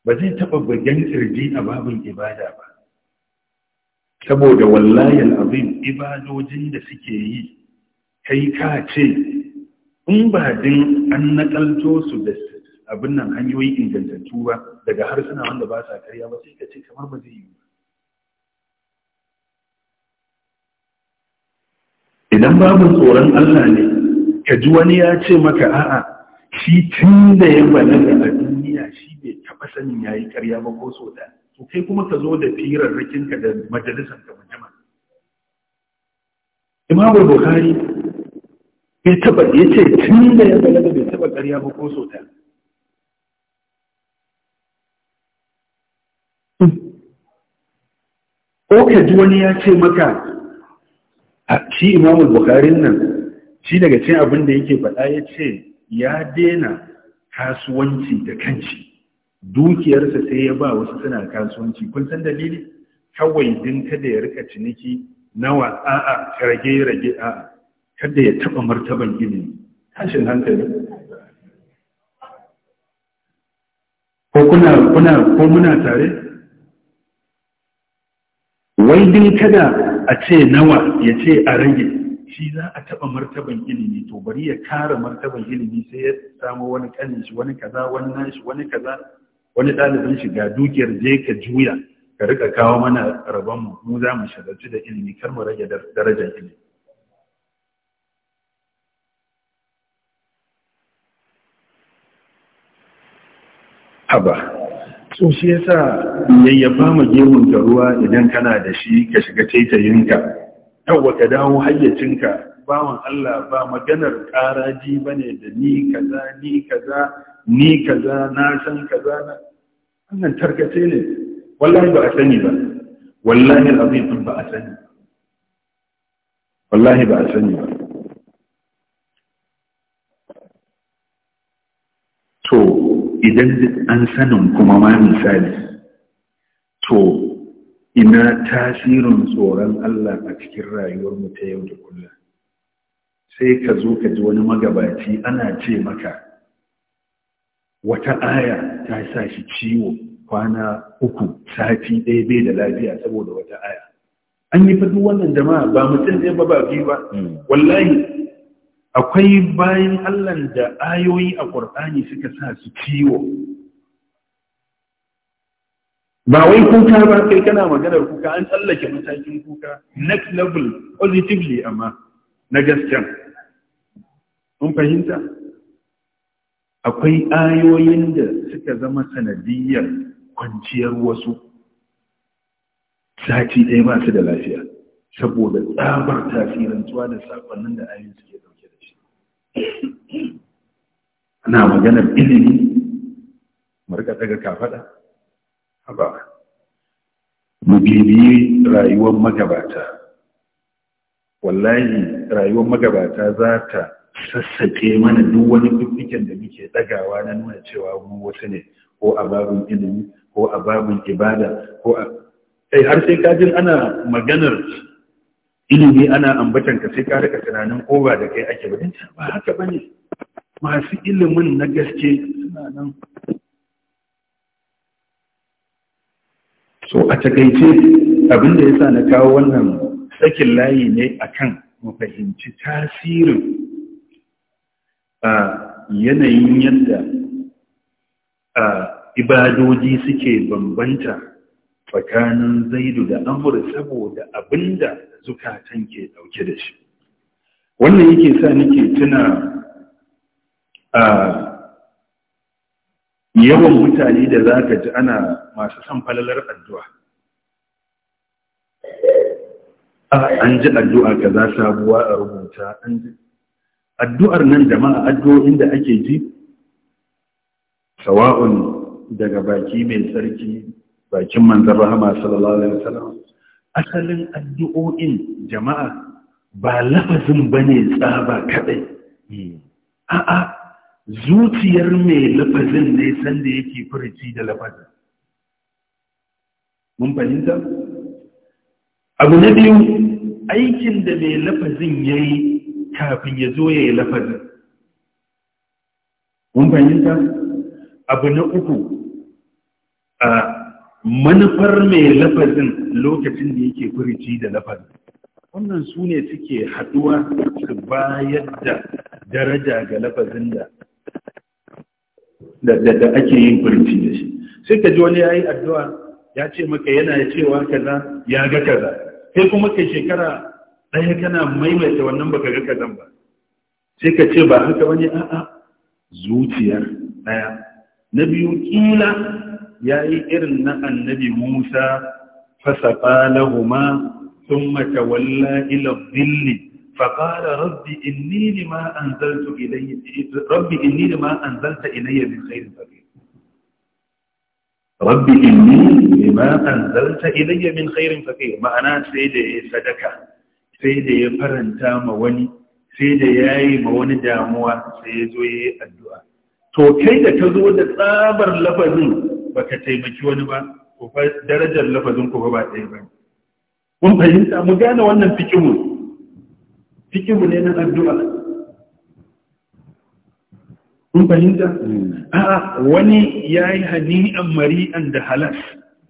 ba zai taɓa bugen ƙirji a babin ibada ba saboda wallayan abin ibadojin da suke yi kai ka ce in ba din an naƙalto su da abin nan hanyoyi ingantattu ba daga harsuna wanda ba sa karya ba sai ka ce kamar ba zai yi idan babu tsoron Allah ne ka ji wani ya ce maka a'a shi tun da ya ga abin. taɓa sanin ya yi ƙarya ba ko so ɗaya to kai kuma ka zo da ka da majalisar ka jama'a. imamu bukhari ya taɓa ya ce tun da ya balaga bai taɓa ƙarya ba ko so ɗaya ko ka ji wani ya ce maka a shi imamu bukarin nan shi daga cin abin da yake faɗa ya ce ya dena kasuwanci da kanshi dukiyarsa sai ya ba wasu suna kasuwanci kun san dalili kawai din kada ya rika ciniki nawa a'a rage rage a'a kada ya taba martaban ilimi tashin hankali ko kuna kuna ko muna tare wai din kada a ce nawa ya ce a rage shi za a taba martaban ilimi to bari ya kara martaban ilimi sai ya samu wani kanin shi wani kaza wani nashi wani kaza wani ɗalibin shiga dukiyar je ka juya ka rika kawo mana rabon mu za mu shagaltu da ilimi kar mu rage darajar ilimi haba so shi yasa yayyafa ma gemun ka ruwa idan kana da shi ka shiga taitayinka yawwa ka dawo hayyacinka bawan Allah ba maganar ƙaraji bane da ni kaza ni kaza ni kaza na san kaza na wannan tarkace ne wallahi ba a sani ba wallahi alazim ba a sani wallahi ba a sani ba to idan an sanin kuma ma misali to ina tasirin tsoron Allah a cikin rayuwar mu ta yau da kullum sai ka zo ka ji wani magabaci ana ce maka wata aya ta sa shi ciwo kwana uku sati ɗaya bai da lafiya saboda wata aya an yi fadu wannan jama'a ba mutum ɗaya ba ba ba hmm. wallahi akwai bayan allan da ayoyi a ƙwarɗani suka sa su ciwo ba wai kuka ba kai kana maganar kuka an tsallake matakin kuka next level positively amma na gasken mun fahimta akwai ayoyin da suka zama sanadiyar kwanciyar wasu sati ɗaya ba su da lafiya saboda tsabar tasirantuwa da sakonnin da ayoyin suke dauke da shi ana maganar ilimi marka daga kafada haba mu bibiyi rayuwar magabata wallahi rayuwar magabata za ta Sassake mana duk wani fiffiken da muke ɗagawa na nuna cewa mu wasu ne ko a babin ilimi ko a babin ibada ko a kai eh, har sai kajin ana maganar ilimi ana ambatan ka sai ka rika tunanin ko ba da kai ake ba ba haka ba masu ilimin na gaske suna nan so a takaice abinda ya sa na kawo wannan sakin layi ne akan mu fahimci tasirin A yanayin yadda ibadoji suke bambanta tsakanin zaidu da amur saboda abinda zukatan ke dauke da shi wannan yake sa nake tuna a yawan mutane da za ka ji ana masu son falalar addu'a an ji addu'a ka za sabuwa a rubuta an ji addu'ar nan jama'a addu'o'in da ake ji sawa'un daga baki mai tsarki bakin manzan rahama sallallahu alaihi wasallam asalin addu'o'in jama'a ba lafazin bane tsaba kaɗai. a'a zuciyar mai lafazin ne sanda yake furici da lafazin mun fahimta abu na biyu aikin da mai lafazin yayi kafin ya zo ya yi lafazin mun fahimta abu na uku a manufar mai lafazin lokacin da yake furici da lafazin wannan su ne suke haduwa su bayar da daraja ga lafazin da da ake yin furici da shi sai ka ji wani ya yi addu'a ya ce maka yana cewa kaza ya ga kaza sai kuma kai shekara ɗaya kana maimaita wannan baka ga kazan ba sai ka ce ba haka bane a'a zuciyar ɗaya na biyu ƙila ya yi irin na annabi musa fasafa lahuma ثم ila إلى الظل فقال رب إني lima أنزلت إلي رب إني لما أنزلت إلي من خير فقير رب إني لما أنزلت إلي من خير فقير معناه سيدي sadaka sai da ya faranta ma wani sai da ya yi ma wani damuwa sai ya zo ya yi addu'a to kai da ka zo da tsabar lafazin ba ka taimaki wani ba ko fa darajar lafazin ko ba ɗaya ba mun fahimta mu gane wannan fikimu, fikimu ne na addu'a mun fahimta hmm. a'a wani ya yi hani'an mari'an da halas.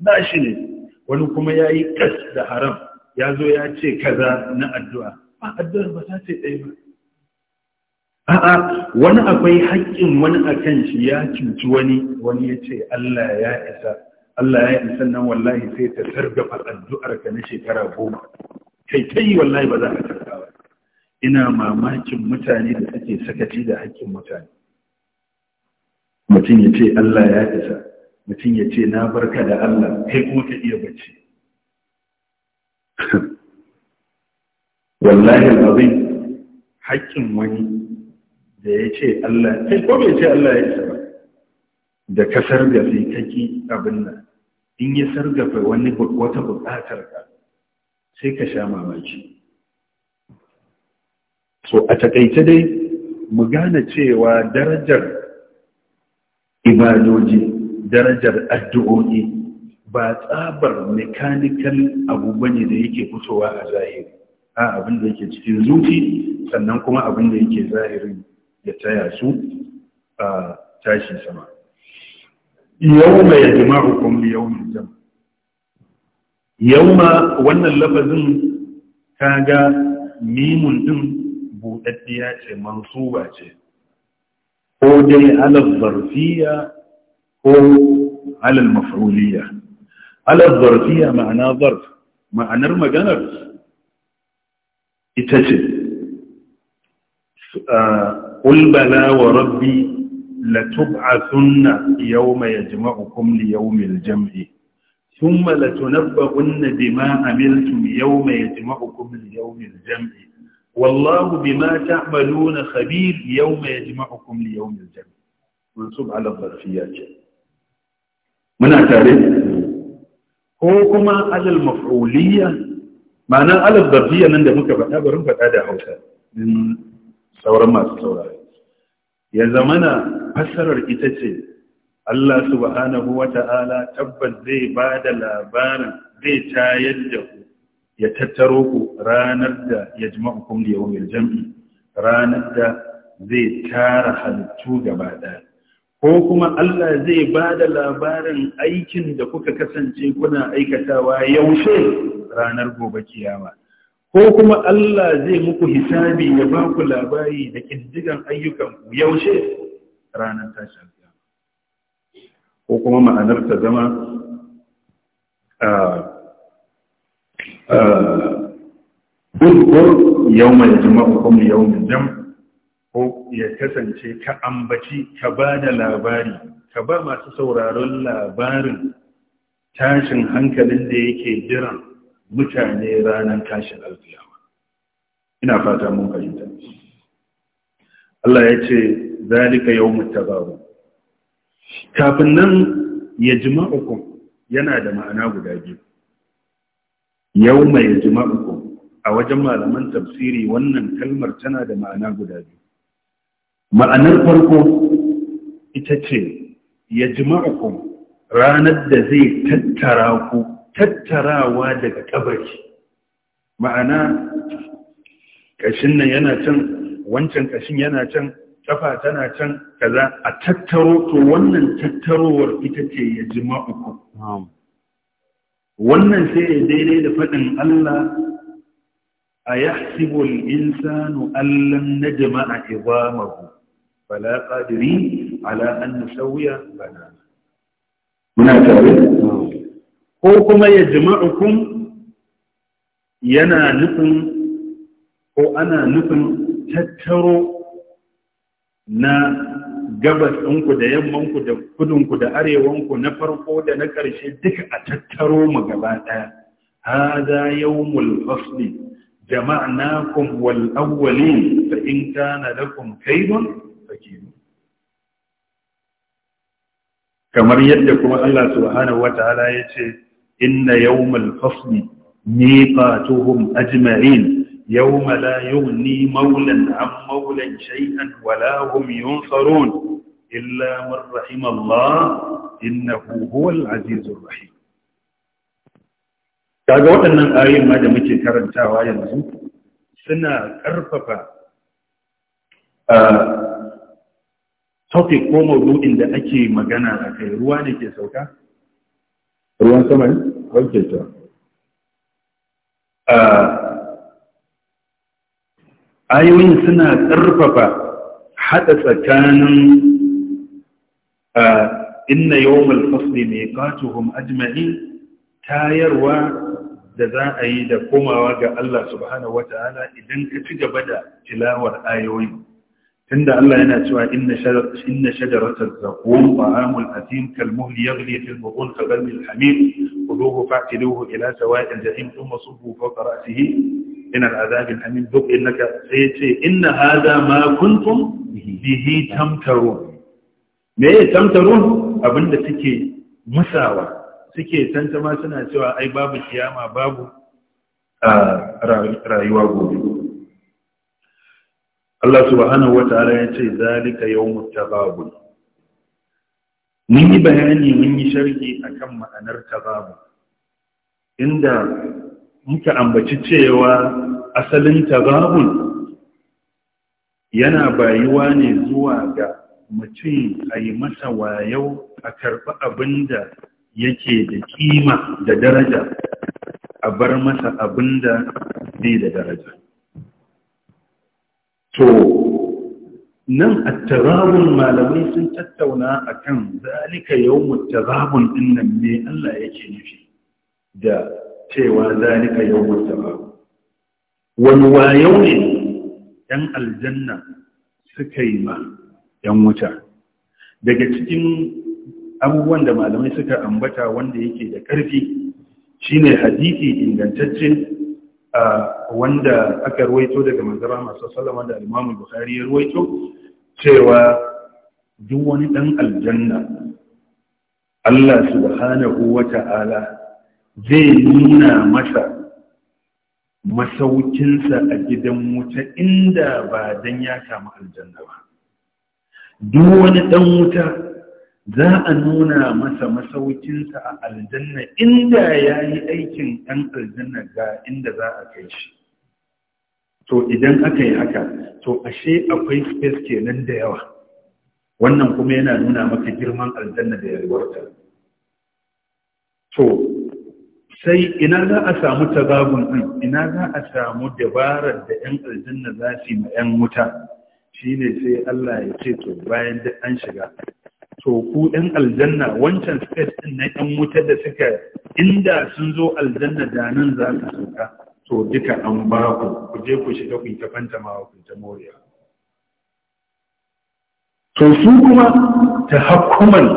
ba shi ne wani kuma ya yi kas da haram ya zo ya ce kaza na addu'a ba addu'ar ba ta ce ɗaya ba a'a wani akwai haƙƙin wani akan shi ya cuci wani wani ya ce Allah ya isa Allah ya isa nan wallahi sai ta targafa addu'ar ka na shekara goma kai kai wallahi ba za ka targa ba ina mamakin mutane da suke sakaci da haƙƙin mutane mutum ya ce Allah ya isa mutum ya ce na barka da Allah kai kuma ka iya bacci wallahi azim haƙƙin wani da ya ce Allah sai ko bai ce Allah ya isa ba da ka sargafe kake abin nan in ya sargafe wani wata buƙatar ka sai ka sha mamaki so a taƙaice dai mu gane cewa darajar ibadoji darajar addu'o'i ba tsabar mekanikal abu bane da yake fitowa a zahiri a abin da yake cikin zuci sannan kuma abin da yake zahirin ya taya su a tashi sama yau mai yajima hukum yau mai jam yau ma wannan lafazin kaga mimun din buɗaɗɗiya ce mansuba ce ko dai alal zarfiya ko alal maf'uliyya على الظرفية معنى ظرف معنى المقامة اتجد قل بلى وربي لتبعثن يوم يجمعكم ليوم الجمع ثم لتنبؤن بما عملتم يوم يجمعكم ليوم الجمع والله بما تعملون خبير يوم يجمعكم ليوم الجمع منصوب على الظرفيات من اعتبر ko kuma alal maf'uliyya ma'anar alal zarfiya nan da muka faɗa barin faɗa da hausa din sauran masu saurari ya zamana fassarar ita ce Allah subhanahu wa ta'ala tabbas zai ba da labarin zai tayar da ku ya tattaro ku ranar da ya jima'ukum da yawon jam'i ranar da zai tara halittu gaba ko kuma Allah zai ba da labarin aikin da kuka kasance kuna aikatawa yaushe ranar gobe kiyama ko kuma Allah zai muku hisabi ya ba ku labari da ayyukan ayyukanku yaushe ranar tashin kiyama ko kuma ma'anar ta zama a ko ya kasance ka ambaci ka ba da labari ka ba masu sauraron labarin tashin hankalin da yake jiran mutane ranar tashin alfiyawa ina fata mun fahimta Allah ya ce zalika yawmut tabaru kafin nan ya uku, yana da ma'ana guda biyu yawma ya uku, a wajen malaman tafsiri wannan kalmar tana da ma'ana guda biyu ma'anar farko ita ce ya jima'uku ranar da zai tattara ku tattarawa daga kabari ma'ana kashin nan yana can wancan kashin yana can kafa tana can kaza a tattaro to wannan tattarowar ita ce ya jima'uku wannan sai ya daidai da faɗin Allah a yahsibul insanu allan najma'a idamahu فلا قادرين على أن نسوي بنانا muna tare ko kuma ya jima'ukun yana ko ana nufin tattaro na gabas ɗinku da yammanku da kudinku da arewanku na farko da na ƙarshe duka a tattaro mu gaba ɗaya haza yawmul Jama'a na wal awwalin fa in kana kun kaydun kamar yadda kuma Allah subhanahu wataala ya ce inna yawmal fasli miqatuhum ajma'in yawma la yughni mawlan an mawlan shay'an wa la hum yunsarun illa man rahima Allah innahu huwal azizur rahim kaga waɗannan ayoyin ma da muke karantawa yanzu suna ƙarfafa topic ko maudu'in da ake magana a kai ruwa ne ke sauka ruwan sama ne wanke ta ayoyin suna ƙarfafa haɗa tsakanin inna mai fasli miqatuhum ajma'in tayarwa da za a yi da komawa ga Allah subhanahu wata'ala idan ka ci gaba da tilawar ayoyin tunda Allah yana cewa inna shajar inna shajaratal zaqum ta'amul atim kal muhli yaghli fil butun kal ghalmi al hamim khudhuhu fa'tiluhu ila sawa'il jahim thumma subbu fawqa ra'sihi min al duk innaka sayace inna hadha ma kuntum bihi tamtarun me ya tamtarun abinda suke musawa suke tantama suna cewa ai babu kiyama babu ah, rayuwa gobe Allah subhanahu ta'ala ya ce zalika yawmut taghabun mun yi bayani mun yi sharhi akan ma'anar taghabun inda muka ambaci cewa asalin taghabun yana bayuwa ne zuwa ga mutum a yi masa wayau a karɓi abin da yake da kima da daraja a bar masa abin da bai da daraja to nan at-tazabun malamai sun tattauna akan zalika yawmut tazabun din nan ne Allah yake nufi da cewa zalika yawmut tazabun wani wayau ne yan aljanna suka yi ma yan wuta daga cikin abubuwan da malamai suka ambata wanda yake da ƙarfi shine hadisi ingantacce wanda aka ruwaito daga manzara masu salama da alimamu buhari ya ruwaito cewa duk wani ɗan aljanna Allah subhanahu wa ta'ala zai nuna masa masaukinsa a gidan wuta inda ba don ya samu aljanna ba duk wani ɗan wuta za a nuna masa masaukinsa a aljanna inda ya yi aikin ɗan aljanna ga inda za a kai shi to idan aka yi haka to ashe akwai space kenan da yawa wannan kuma yana nuna maka girman aljanna da yalwarta to sai ina za a samu tazagun ɗin ina za a samu dabarar da 'yan aljanna za su yi ma 'yan wuta shine sai Allah ya ce to bayan da an shiga to ku ɗan aljanna wancan space ɗin na ɗan wuta da suka inda sun zo aljanna da nan za su sauka to duka an ba ku ku je ku shiga ku ta fanta ma ku ta moriya to su kuma ta hakkuman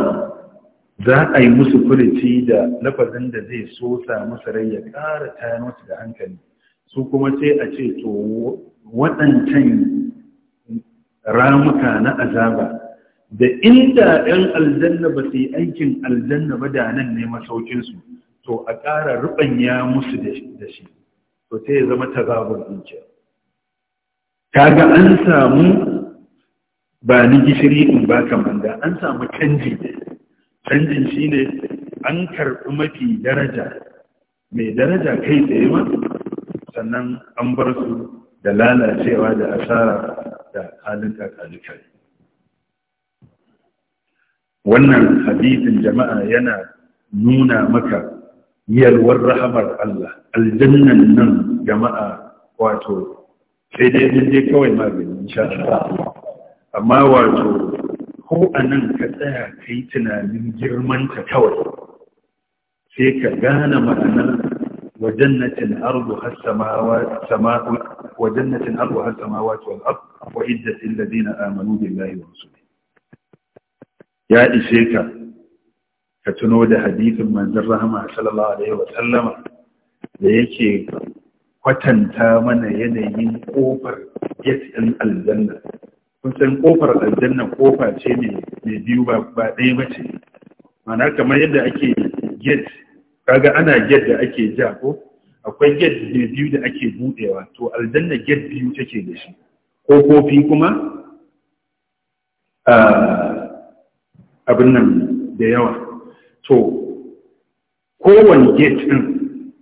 za a yi musu furici da lafazin da zai sosa sa musu rai ya ƙara tayar musu da hankali su kuma sai a ce to waɗancan ramuka na azaba da inda ɗan aljanna ba su yi aikin aljanna ba da nan ne masaukinsu to a ƙara ruɓanya musu da shi to sai ya zama ta tazabur ɗinke ga an samu ba ni gishiri in ba kaman da an samu canji canjin shi ne an karɓi mafi daraja mai daraja kai tsaye ma sannan an bar su da lalacewa da asara da halin kakalikari wannan hadisin jama'a yana nuna maka yalwar rahamar Allah aljannan nan jama'a wato sai dai din dai kawai magani insha Allah amma wato ko anan ka tsaya kai tunanin girman ta kawai sai ka gane ma'anar وجنة أرضها السماوات سماء وجنة أرضها wa iddatil ladina amanu billahi wa ورسوله ya ishe ka ka tuno da hadithin manzan rahama sallallahu alaihi wa sallama da yake kwatanta mana yanayin kofar yasin aljanna kun san kofar aljanna kofa ce mai biyu ba ɗaya ba ce mana kamar yadda ake gate kaga ana gate da ake ja ko akwai gate mai biyu da ake buɗewa to aljanna gate biyu take da shi kofofi kuma ah, abin nan da yawa to kowane gate ɗin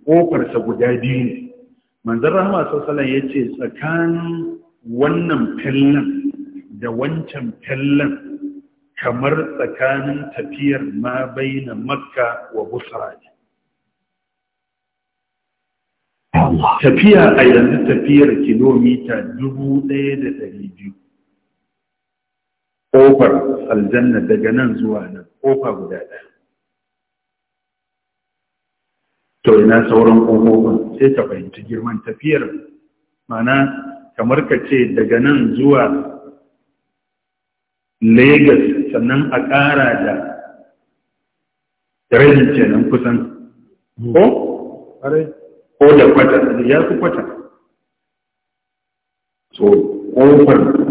ƙofarsa guda biyu ne manzan rahama sassalan ya ce tsakanin wannan fellon da wancan fellon kamar tsakanin tafiyar ma baina makka wa busra ne tafiya a yanzu tafiyar kilomita dubu ɗaya da ɗari biyu kofar aljanna daga nan zuwa nan ƙofa guda ɗaya to ina sauran ƙofofin sai ta fahimci girman tafiyar mana kamar ka ce daga nan zuwa Legas sannan a ƙara da ce nan kusan ko? ko da kwata ya fi kwata so ƙofar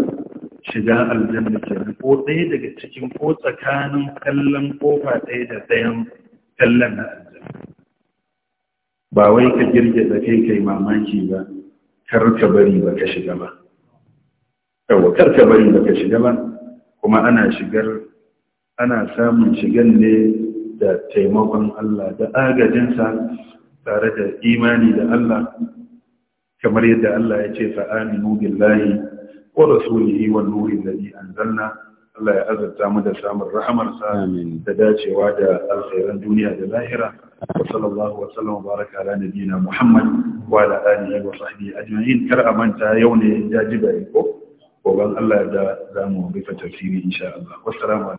shiga aljanna ko ɗaya daga cikin ko tsakanin kallon kofa ɗaya da ɗayan kallon na aljanna ba wai ka girgiza kai kai mamaki ba kar ka bari ba ka shiga ba yawa kar bari ba ka shiga ba kuma ana shigar ana samun shigan ne da taimakon Allah da agajinsa tare da imani da Allah kamar yadda Allah ya ce fa'aminu billahi ورسوله والنور الذي أنزلنا الله يعزل تامد سامر رحمر تداتي وعدا الخير الدنيا للآخرة وصلى الله وسلم وبارك على نبينا محمد وعلى آله وصحبه أجمعين كرأ من تايوني جاجبا يكو وقال الله يبدأ زامو بفتر سيري إن شاء الله والسلام عليكم